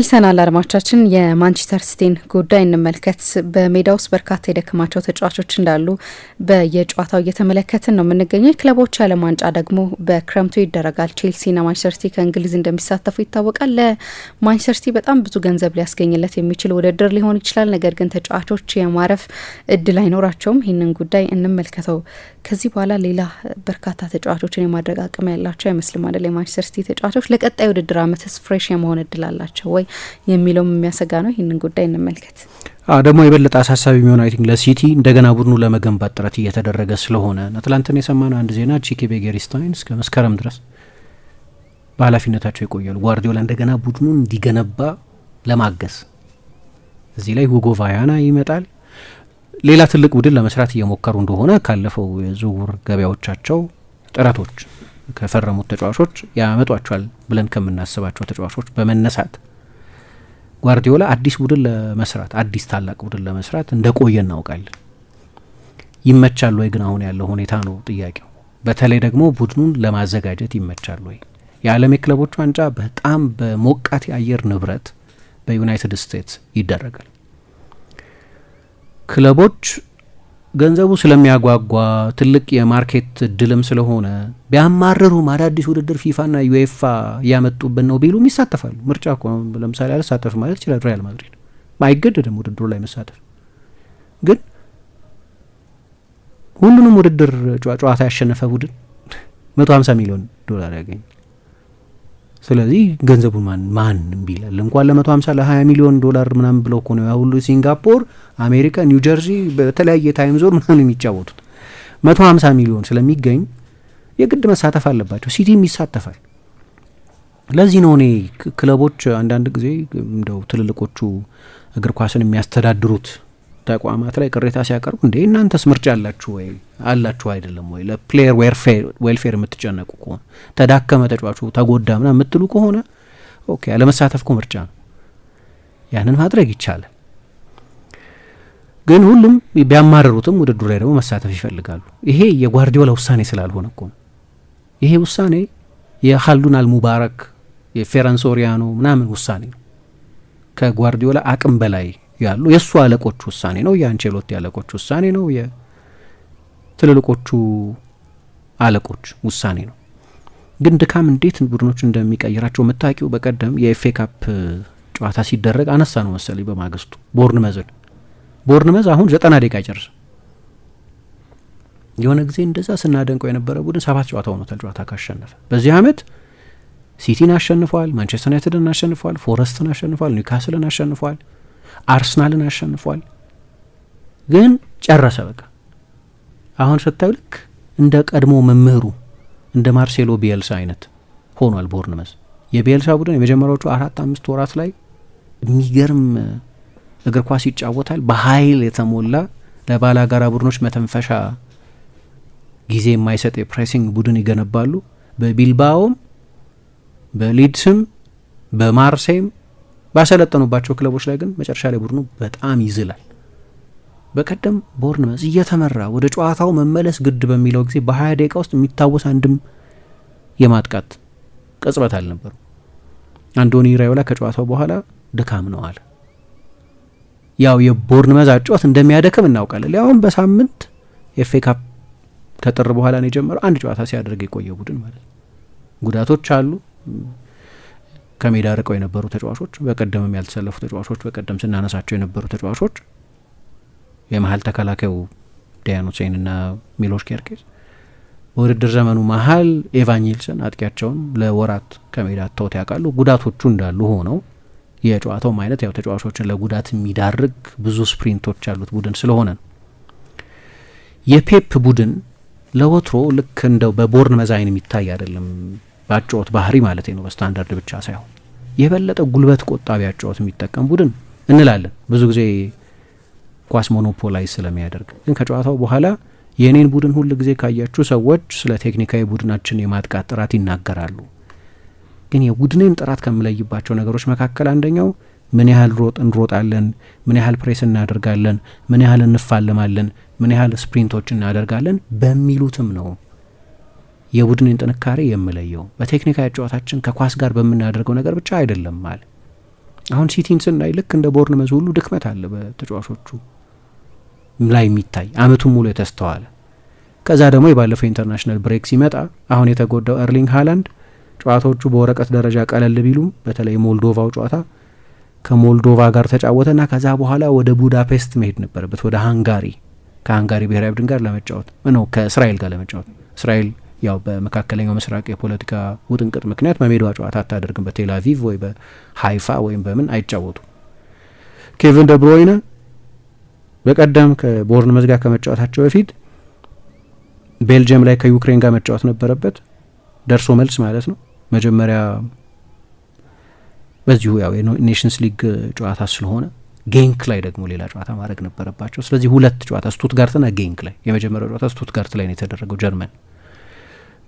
አልሰናል አድማቻችን የማንቸስተር ሲቲን ጉዳይ እንመልከት። በሜዳ ውስጥ በርካታ የደከማቸው ተጫዋቾች እንዳሉ በየጨዋታው እየተመለከትን ነው የምንገኘው። የክለቦች ዓለም ዋንጫ ደግሞ በክረምቱ ይደረጋል። ቼልሲና ማንቸስተር ሲቲ ከእንግሊዝ እንደሚሳተፉ ይታወቃል። ለማንቸስተር ሲቲ በጣም ብዙ ገንዘብ ሊያስገኝለት የሚችል ውድድር ሊሆን ይችላል። ነገር ግን ተጫዋቾች የማረፍ እድል አይኖራቸውም። ይህንን ጉዳይ እንመልከተው። ከዚህ በኋላ ሌላ በርካታ ተጫዋቾችን የማድረግ አቅም ያላቸው አይመስልም አይደል? የማንቸስተር ሲቲ ተጫዋቾች ለቀጣይ ውድድር አመትስ ፍሬሽ የመሆን እድል አላቸው ወይ? የሚለውም የሚያሰጋ ነው። ይህንን ጉዳይ እንመልከት። ደግሞ የበለጠ አሳሳቢ የሚሆን አይ ቲንክ ለሲቲ እንደገና ቡድኑ ለመገንባት ጥረት እየተደረገ ስለሆነ ትላንትና የሰማነው አንድ ዜና ቺኪ ቤጌሪስታይን እስከ መስከረም ድረስ በኃላፊነታቸው ይቆያሉ። ጓርዲዮላ እንደገና ቡድኑን እንዲገነባ ለማገዝ እዚህ ላይ ሁጎ ቫያና ይመጣል። ሌላ ትልቅ ቡድን ለመስራት እየሞከሩ እንደሆነ ካለፈው የዝውውር ገበያዎቻቸው ጥረቶች ከፈረሙት ተጫዋቾች ያመጧቸዋል ብለን ከምናስባቸው ተጫዋቾች በመነሳት ጓርዲዮላ አዲስ ቡድን ለመስራት አዲስ ታላቅ ቡድን ለመስራት እንደቆየ እናውቃለን። ይመቻል ወይ ግን አሁን ያለው ሁኔታ ነው ጥያቄው። በተለይ ደግሞ ቡድኑን ለማዘጋጀት ይመቻል ወይ? የዓለም የክለቦች ዋንጫ በጣም በሞቃት የአየር ንብረት በዩናይትድ ስቴትስ ይደረጋል። ክለቦች ገንዘቡ ስለሚያጓጓ ትልቅ የማርኬት እድልም ስለሆነ ቢያማርሩም አዳዲስ ውድድር ፊፋና ዩኤፋ እያመጡብን ነው ቢሉም ይሳተፋሉ። ምርጫ እኮ ለምሳሌ አልሳተፍ ማለት ይችላል ሪያል ማድሪድ አይገደድም ውድድሩ ላይ መሳተፍ። ግን ሁሉንም ውድድር ጨዋታ ያሸነፈ ቡድን መቶ ሀምሳ ሚሊዮን ዶላር ያገኛል። ስለዚህ ገንዘቡን ማን ማን ቢላል እንኳን ለ150 ለ20 ሚሊዮን ዶላር ምናምን ብለው እኮ ነው ያ ሁሉ ሲንጋፖር፣ አሜሪካ፣ ኒው ጀርሲ በተለያየ ታይም ዞር ምናምን የሚጫወቱት 150 ሚሊዮን ስለሚገኝ የግድ መሳተፍ አለባቸው። ሲቲም ይሳተፋል። ለዚህ ነው እኔ ክለቦች አንዳንድ ጊዜ እንደው ትልልቆቹ እግር ኳስን የሚያስተዳድሩት ተቋማት ላይ ቅሬታ ሲያቀርቡ እንዴ እናንተስ ምርጫ አላችሁ ወይ አላችሁ አይደለም ወይ ለፕሌየር ዌልፌር የምትጨነቁ ከሆነ ተዳከመ ተጫዋቹ ተጎዳ ምና የምትሉ ከሆነ ኦኬ አለመሳተፍ እኮ ምርጫ ነው ያንን ማድረግ ይቻላል ግን ሁሉም ቢያማርሩትም ውድድሩ ላይ ደግሞ መሳተፍ ይፈልጋሉ ይሄ የጓርዲዮላ ውሳኔ ስላልሆነ እኮ ነው ይሄ ውሳኔ የሀሉን አልሙባረክ የፌረንሶሪያኖ ምናምን ውሳኔ ነው ከጓርዲዮላ አቅም በላይ ያሉ የእሱ አለቆች ውሳኔ ነው፣ የአንቸሎቲ አለቆች ውሳኔ ነው፣ የትልልቆቹ አለቆች ውሳኔ ነው። ግን ድካም እንዴት ቡድኖች እንደሚቀይራቸው መታቂው በቀደም የኤፌ ካፕ ጨዋታ ሲደረግ አነሳ ነው መሰለኝ በማግስቱ ቦርን መዝ አሁን ዘጠና ደቂቃ አይጨርስም። የሆነ ጊዜ እንደዛ ስናደንቀው የነበረ ቡድን ሰባት ጨዋታ ሆኖታል ጨዋታ ካሸነፈ። በዚህ አመት ሲቲን አሸንፏል፣ ማንቸስተር ዩናይትድን አሸንፏል፣ ፎረስትን አሸንፏል፣ ኒውካስልን አሸንፏል። አርሰናልን አሸንፏል። ግን ጨረሰ በቃ። አሁን ስታዩ ልክ እንደ ቀድሞ መምህሩ እንደ ማርሴሎ ቢየልሳ አይነት ሆኗል ቦርንመስ። የቢየልሳ ቡድን የመጀመሪያዎቹ አራት አምስት ወራት ላይ የሚገርም እግር ኳስ ይጫወታል። በኃይል የተሞላ ለባላጋራ ቡድኖች መተንፈሻ ጊዜ የማይሰጥ የፕሬሲንግ ቡድን ይገነባሉ። በቢልባኦም፣ በሊድስም፣ በማርሴይም ባሰለጠኑባቸው ክለቦች ላይ ግን መጨረሻ ላይ ቡድኑ በጣም ይዝላል። በቀደም ቦርንመዝ እየተመራ ወደ ጨዋታው መመለስ ግድ በሚለው ጊዜ በ20 ደቂቃ ውስጥ የሚታወስ አንድም የማጥቃት ቅጽበት አልነበሩ። አንዶኒ ራዮላ ከጨዋታው በኋላ ድካም ነው አለ። ያው የቦርንመዝ አጨዋወት እንደሚያደክም እናውቃለን። ሊያውም በሳምንት ኤፍ ኤ ካፕ ከጥር በኋላ ነው የጀመረው። አንድ ጨዋታ ሲያደርግ የቆየ ቡድን ማለት ነው። ጉዳቶች አሉ። ከሜዳ ርቀው የነበሩ ተጫዋቾች፣ በቀደምም ያልተሰለፉ ተጫዋቾች፣ በቀደም ስናነሳቸው የነበሩ ተጫዋቾች የመሀል ተከላካዩ ዲያን ሁሴን ና ሚሎሽ ኬርኬዝ በውድድር ዘመኑ መሀል ኤቫን ኒልሰን አጥቂያቸውን ለወራት ከሜዳ ተውት ያውቃሉ። ጉዳቶቹ እንዳሉ ሆነው የጨዋታውም አይነት ያው ተጫዋቾችን ለጉዳት የሚዳርግ ብዙ ስፕሪንቶች ያሉት ቡድን ስለሆነ ነው። የፔፕ ቡድን ለወትሮ ልክ እንደው በቦርን መዛይን የሚታይ አይደለም። በአጨዋወት ባህሪ ማለት ነው በስታንዳርድ ብቻ ሳይሆን የበለጠ ጉልበት ቆጣቢ አጨዋወት የሚጠቀም ቡድን እንላለን ብዙ ጊዜ ኳስ ሞኖፖላይዝ ስለሚያደርግ ግን ከጨዋታው በኋላ የእኔን ቡድን ሁል ጊዜ ካያችሁ ሰዎች ስለ ቴክኒካዊ ቡድናችን የማጥቃት ጥራት ይናገራሉ። ግን የቡድኔን ጥራት ከምለይባቸው ነገሮች መካከል አንደኛው ምን ያህል ሮጥ እንሮጣለን፣ ምን ያህል ፕሬስ እናደርጋለን፣ ምን ያህል እንፋለማለን፣ ምን ያህል ስፕሪንቶች እናደርጋለን በሚሉትም ነው። የቡድንን ጥንካሬ የምለየው በቴክኒካዊ ጨዋታችን ከኳስ ጋር በምናደርገው ነገር ብቻ አይደለም አለ። አሁን ሲቲን ስናይ ልክ እንደ መዝ ሁሉ ድክመት አለ በተጫዋቾቹ ላይ የሚታይ አመቱን ሙሉ የተስተዋለ። ከዛ ደግሞ የባለፈው ኢንተርናሽናል ብሬክ ሲመጣ አሁን የተጎዳው ኤርሊንግ ሃላንድ ጨዋታዎቹ በወረቀት ደረጃ ቀለል ቢሉም በተለይ ሞልዶቫው ጨዋታ ከሞልዶቫ ጋር ተጫወተና ከዛ በኋላ ወደ ቡዳፔስት መሄድ ነበረበት፣ ወደ ሃንጋሪ ከሃንጋሪ ብሔራዊ ቡድን ጋር ለመጫወት ነው ከእስራኤል ጋር ለመጫወት እስራኤል ያው በመካከለኛው ምስራቅ የፖለቲካ ውጥንቅጥ ምክንያት በሜዳዋ ጨዋታ አታደርግም። በቴላቪቭ ወይ በሀይፋ ወይም በምን አይጫወቱ። ኬቪን ደብሮይነ በቀደም ከቦርን መዝጋ ከመጫወታቸው በፊት ቤልጅየም ላይ ከዩክሬን ጋር መጫወት ነበረበት፣ ደርሶ መልስ ማለት ነው። መጀመሪያ በዚሁ ያው የኔሽንስ ሊግ ጨዋታ ስለሆነ ጌንክ ላይ ደግሞ ሌላ ጨዋታ ማድረግ ነበረባቸው። ስለዚህ ሁለት ጨዋታ ስቱትጋርትና ጌንክ ላይ የመጀመሪያው ጨዋታ ስቱትጋርት ላይ ነው የተደረገው ጀርመን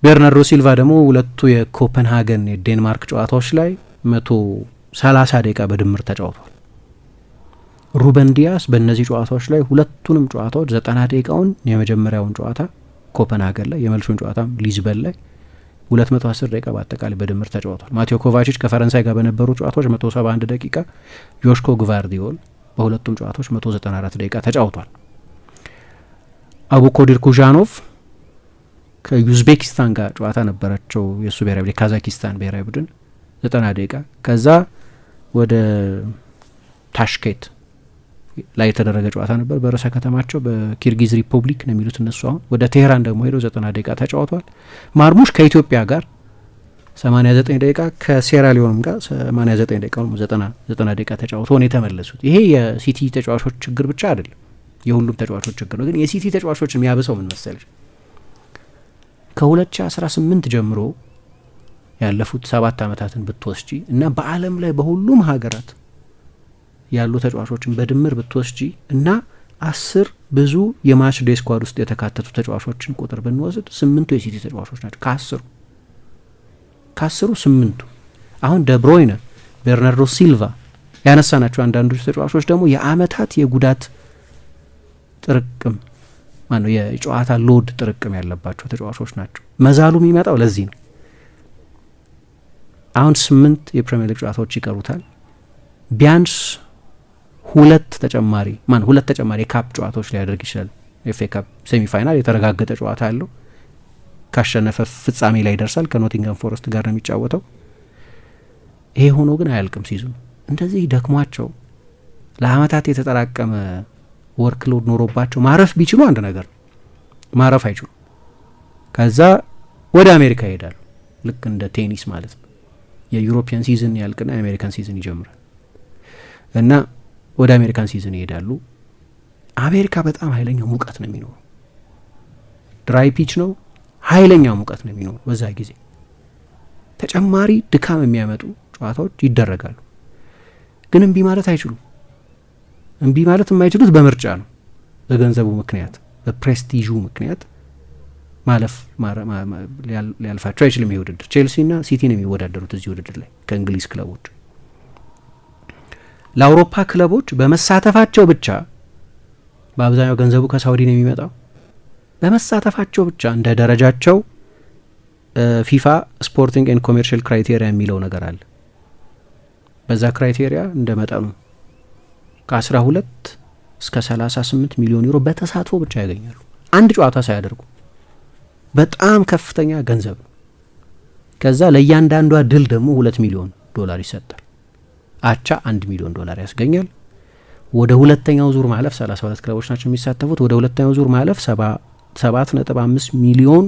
ቤርናርዶ ሲልቫ ደግሞ ሁለቱ የኮፐንሃገን የዴንማርክ ጨዋታዎች ላይ መቶ ሰላሳ ደቂቃ በድምር ተጫውቷል። ሩበን ዲያስ በእነዚህ ጨዋታዎች ላይ ሁለቱንም ጨዋታዎች ዘጠና ደቂቃውን የመጀመሪያውን ጨዋታ ኮፐንሃገን ላይ የመልሱን ጨዋታም ሊዝበን ላይ 210 ደቂቃ በአጠቃላይ በድምር ተጫውቷል። ማቴዎ ኮቫችች ከፈረንሳይ ጋር በነበሩ ጨዋታዎች 171 ደቂቃ፣ ዮሽኮ ግቫርዲዮል በሁለቱም ጨዋታዎች 194 ደቂቃ ተጫውቷል። አቡኮዲር ኩዣኖቭ ከዩዝቤኪስታን ጋር ጨዋታ ነበራቸው የእሱ ብሔራዊ ቡድን ካዛኪስታን ብሔራዊ ቡድን ዘጠና ደቂቃ ከዛ ወደ ታሽኬት ላይ የተደረገ ጨዋታ ነበር በርዕሰ ከተማቸው በኪርጊዝ ሪፐብሊክ ነው የሚሉት እነሱ አሁን ወደ ቴሄራን ደግሞ ሄደው ዘጠና ደቂቃ ተጫውተዋል ማርሙሽ ከኢትዮጵያ ጋር ዘጠኝ ደቂቃ ሊዮንም ጋር ዘጠኝ ደቂቃ ዘጠና ዘጠና ደቂቃ ተጫውቶ ነው የተመለሱት ይሄ የሲቲ ተጫዋቾች ችግር ብቻ አይደለም የሁሉም ተጫዋቾች ችግር ነው ግን የሲቲ ተጫዋቾች የሚያብሰው ምን መሰለች ከ2018 ጀምሮ ያለፉት ሰባት ዓመታትን ብትወስጂ እና በዓለም ላይ በሁሉም ሀገራት ያሉ ተጫዋቾችን በድምር ብትወስጂ እና አስር ብዙ የማች ዴይ ስኳድ ውስጥ የተካተቱ ተጫዋቾችን ቁጥር ብንወስድ ስምንቱ የሲቲ ተጫዋቾች ናቸው። ከአስሩ ከአስሩ ስምንቱ አሁን ደብሮይነ፣ ቤርናርዶ ሲልቫ ያነሳ ናቸው። አንዳንዶቹ ተጫዋቾች ደግሞ የአመታት የጉዳት ጥርቅም ማነው የጨዋታ ሎድ ጥርቅም ያለባቸው ተጫዋቾች ናቸው። መዛሉ የሚመጣው ለዚህ ነው። አሁን ስምንት የፕሪሚየር ሊግ ጨዋታዎች ይቀሩታል። ቢያንስ ሁለት ተጨማሪ ማን ሁለት ተጨማሪ የካፕ ጨዋታዎች ሊያደርግ ይችላል። ኤፍ ኤ ካፕ ሴሚፋይናል የተረጋገጠ ጨዋታ አለው። ካሸነፈ ፍጻሜ ላይ ይደርሳል። ከኖቲንጋም ፎረስት ጋር ነው የሚጫወተው። ይሄ ሆኖ ግን አያልቅም። ሲዙ እንደዚህ ደክሟቸው ለአመታት የተጠራቀመ ወርክሎድ ኖሮባቸው ማረፍ ቢችሉ አንድ ነገር ነው። ማረፍ አይችሉም። ከዛ ወደ አሜሪካ ይሄዳሉ። ልክ እንደ ቴኒስ ማለት ነው። የዩሮፒያን ሲዝን ያልቅና የአሜሪካን ሲዝን ይጀምራል እና ወደ አሜሪካን ሲዝን ይሄዳሉ። አሜሪካ በጣም ኃይለኛ ሙቀት ነው የሚኖሩ። ድራይ ፒች ነው፣ ኃይለኛ ሙቀት ነው የሚኖሩ። በዛ ጊዜ ተጨማሪ ድካም የሚያመጡ ጨዋታዎች ይደረጋሉ። ግን እምቢ ማለት አይችሉም። እምቢ ማለት የማይችሉት በምርጫ ነው። በገንዘቡ ምክንያት፣ በፕሬስቲዡ ምክንያት ማለፍ ሊያልፋቸው አይችልም። ይህ ውድድር ቼልሲና ሲቲ ነው የሚወዳደሩት እዚህ ውድድር ላይ ከእንግሊዝ ክለቦች ለአውሮፓ ክለቦች በመሳተፋቸው ብቻ በአብዛኛው ገንዘቡ ከሳውዲ ነው የሚመጣው። በመሳተፋቸው ብቻ እንደ ደረጃቸው ፊፋ ስፖርቲንግ ኤንድ ኮሜርሻል ክራይቴሪያ የሚለው ነገር አለ። በዛ ክራይቴሪያ እንደ መጠኑ ከ12 እስከ 38 ሚሊዮን ዩሮ በተሳትፎ ብቻ ያገኛሉ። አንድ ጨዋታ ሳያደርጉ በጣም ከፍተኛ ገንዘብ ነው። ከዛ ለእያንዳንዷ ድል ደግሞ ሁለት ሚሊዮን ዶላር ይሰጣል። አቻ አንድ ሚሊዮን ዶላር ያስገኛል። ወደ ሁለተኛው ዙር ማለፍ 32 ክለቦች ናቸው የሚሳተፉት። ወደ ሁለተኛው ዙር ማለፍ 7.5 ሚሊዮን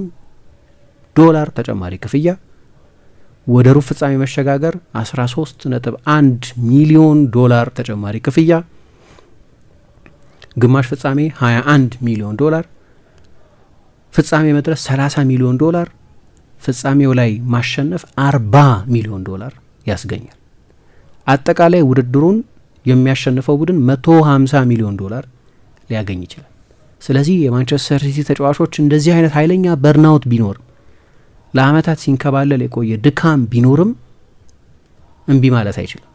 ዶላር ተጨማሪ ክፍያ ወደ ሩብ ፍጻሜ መሸጋገር 13.1 ነጥብ 1 ሚሊዮን ዶላር ተጨማሪ ክፍያ፣ ግማሽ ፍጻሜ 21 ሚሊዮን ዶላር፣ ፍጻሜ መድረስ 30 ሚሊዮን ዶላር፣ ፍጻሜው ላይ ማሸነፍ 40 ሚሊዮን ዶላር ያስገኛል። አጠቃላይ ውድድሩን የሚያሸንፈው ቡድን 150 ሚሊዮን ዶላር ሊያገኝ ይችላል። ስለዚህ የማንቸስተር ሲቲ ተጫዋቾች እንደዚህ አይነት ኃይለኛ በርናውት ቢኖር ለአመታት ሲንከባለል የቆየ ድካም ቢኖርም እምቢ ማለት አይችልም።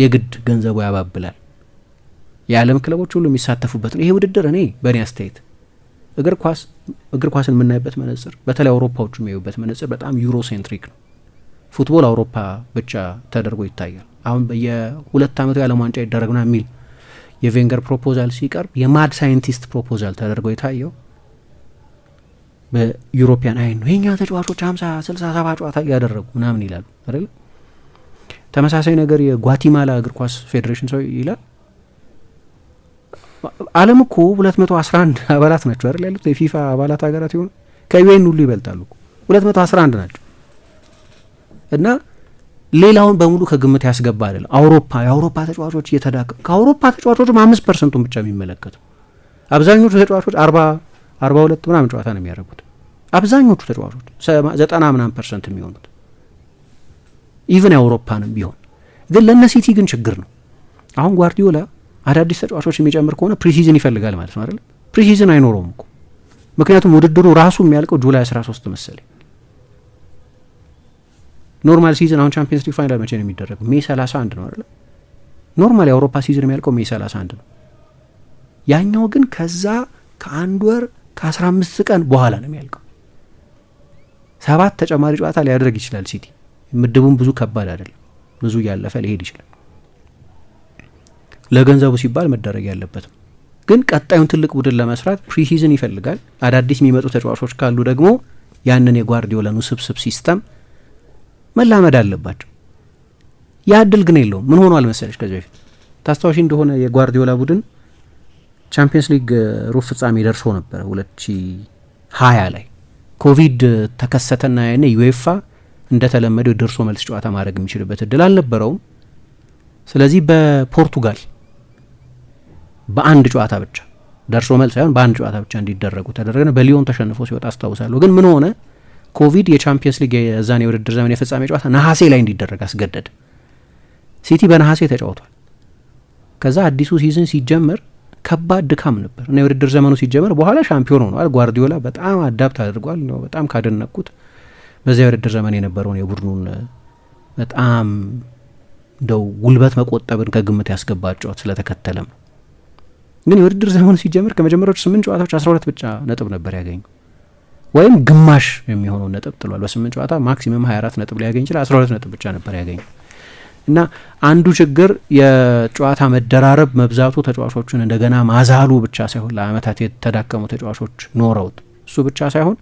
የግድ ገንዘቡ ያባብላል። የዓለም ክለቦች ሁሉ የሚሳተፉበት ነው ይሄ ውድድር። እኔ በእኔ አስተያየት እግር ኳስ እግር ኳስን የምናይበት መነጽር፣ በተለይ አውሮፓዎቹ የሚያዩበት መነጽር በጣም ዩሮ ሴንትሪክ ነው። ፉትቦል አውሮፓ ብቻ ተደርጎ ይታያል። አሁን የሁለት ዓመቱ የዓለም ዋንጫ ይደረግና የሚል የቬንገር ፕሮፖዛል ሲቀርብ የማድ ሳይንቲስት ፕሮፖዛል ተደርጎ የታየው በዩሮፒያን አይን ነው የኛ ተጫዋቾች ሀምሳ ስልሳ ሰባ ጨዋታ እያደረጉ ምናምን ይላሉ አይደለ ተመሳሳይ ነገር የጓቲማላ እግር ኳስ ፌዴሬሽን ሰው ይላል አለም እኮ ሁለት መቶ አስራ አንድ አባላት ናቸው አይደል ያሉት የፊፋ አባላት ሀገራት የሆኑ ከዩኤን ሁሉ ይበልጣሉ ሁለት መቶ አስራ አንድ ናቸው እና ሌላውን በሙሉ ከግምት ያስገባ አይደለም አውሮፓ የአውሮፓ ተጫዋቾች እየተዳከ ከአውሮፓ ተጫዋቾችም አምስት ፐርሰንቱን ብቻ የሚመለከቱ አብዛኞቹ ተጫዋቾች አርባ አርባ ሁለት ምናምን ጨዋታ ነው የሚያደርጉት አብዛኞቹ ተጫዋቾች ዘጠና ምናምን ፐርሰንት የሚሆኑት ኢቨን አውሮፓንም ቢሆን ግን ለእነ ሲቲ ግን ችግር ነው። አሁን ጓርዲዮላ አዳዲስ ተጫዋቾች የሚጨምር ከሆነ ፕሪሲዝን ይፈልጋል ማለት ነው አይደለም። ፕሪሲዝን አይኖረውም እኮ ምክንያቱም ውድድሩ ራሱ የሚያልቀው ጁላይ 13 መሰለኝ። ኖርማል ሲዝን አሁን ቻምፒየንስ ሊግ ፋይናል መቼ ነው የሚደረገው? ሜይ 31 ነው አይደለም። ኖርማል የአውሮፓ ሲዝን የሚያልቀው ሜይ 31 ነው። ያኛው ግን ከዛ ከአንድ ወር ከአስራ አምስት ቀን በኋላ ነው የሚያልቀው። ሰባት ተጨማሪ ጨዋታ ሊያደርግ ይችላል ሲቲ። ምድቡን ብዙ ከባድ አይደለም፣ ብዙ እያለፈ ሊሄድ ይችላል። ለገንዘቡ ሲባል መደረግ ያለበትም ግን ቀጣዩን ትልቅ ቡድን ለመስራት ፕሪሲዝን ይፈልጋል። አዳዲስ የሚመጡ ተጫዋቾች ካሉ ደግሞ ያንን የጓርዲዮላን ውስብስብ ሲስተም መላመድ አለባቸው። ያ እድል ግን የለውም። ምን ሆኗል መሰለች ከዚህ በፊት ታስታዋሽ እንደሆነ የጓርዲዮላ ቡድን ቻምፒየንስ ሊግ ሩብ ፍጻሜ ደርሶ ነበረ ሁለት ሺ ሀያ ላይ ኮቪድ ተከሰተና ያኔ ዩኤፋ እንደተለመደው የደርሶ መልስ ጨዋታ ማድረግ የሚችልበት እድል አልነበረውም። ስለዚህ በፖርቱጋል በአንድ ጨዋታ ብቻ ደርሶ መልስ ሳይሆን በአንድ ጨዋታ ብቻ እንዲደረጉ ተደረገ። በሊዮን ተሸንፎ ሲወጣ አስታውሳለሁ። ግን ምን ሆነ? ኮቪድ የቻምፒየንስ ሊግ የዛን የውድድር ዘመን የፍጻሜ ጨዋታ ነሐሴ ላይ እንዲደረግ አስገደድ ሲቲ በነሐሴ ተጫውቷል። ከዛ አዲሱ ሲዝን ሲጀመር ከባድ ድካም ነበር እና የውድድር ዘመኑ ሲጀመር በኋላ ሻምፒዮን ሆነዋል። ጓርዲዮላ በጣም አዳብት አድርጓል። በጣም ካደነቅኩት በዚያ የውድድር ዘመን የነበረውን የቡድኑን በጣም እንደው ጉልበት መቆጠብን ከግምት ያስገባ ጨዋታ ስለተከተለም ግን የውድድር ዘመኑ ሲጀምር ከመጀመሪያዎቹ ስምንት ጨዋታዎች አስራ ሁለት ብቻ ነጥብ ነበር ያገኙ ወይም ግማሽ የሚሆነውን ነጥብ ጥሏል። በስምንት ጨዋታ ማክሲመም ሀያ አራት ነጥብ ሊያገኝ ይችላል። አስራ ሁለት ነጥብ ብቻ ነበር ያገኙ። እና አንዱ ችግር የጨዋታ መደራረብ መብዛቱ ተጫዋቾቹን እንደገና ማዛሉ ብቻ ሳይሆን ለአመታት የተዳከሙ ተጫዋቾች ኖረውት እሱ ብቻ ሳይሆን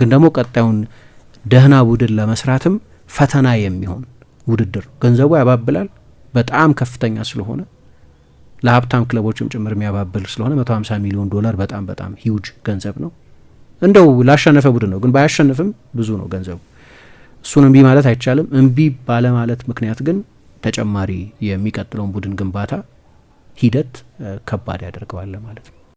ግን ደግሞ ቀጣዩን ደህና ቡድን ለመስራትም ፈተና የሚሆን ውድድር ገንዘቡ ያባብላል በጣም ከፍተኛ ስለሆነ ለሀብታም ክለቦችም ጭምር የሚያባብል ስለሆነ 150 ሚሊዮን ዶላር በጣም በጣም ሂውጅ ገንዘብ ነው። እንደው ላሸነፈ ቡድን ነው፣ ግን ባያሸንፍም ብዙ ነው ገንዘቡ። እሱን እምቢ ማለት አይቻልም። እምቢ ባለማለት ምክንያት ግን ተጨማሪ የሚቀጥለውን ቡድን ግንባታ ሂደት ከባድ ያደርገዋል ማለት ነው።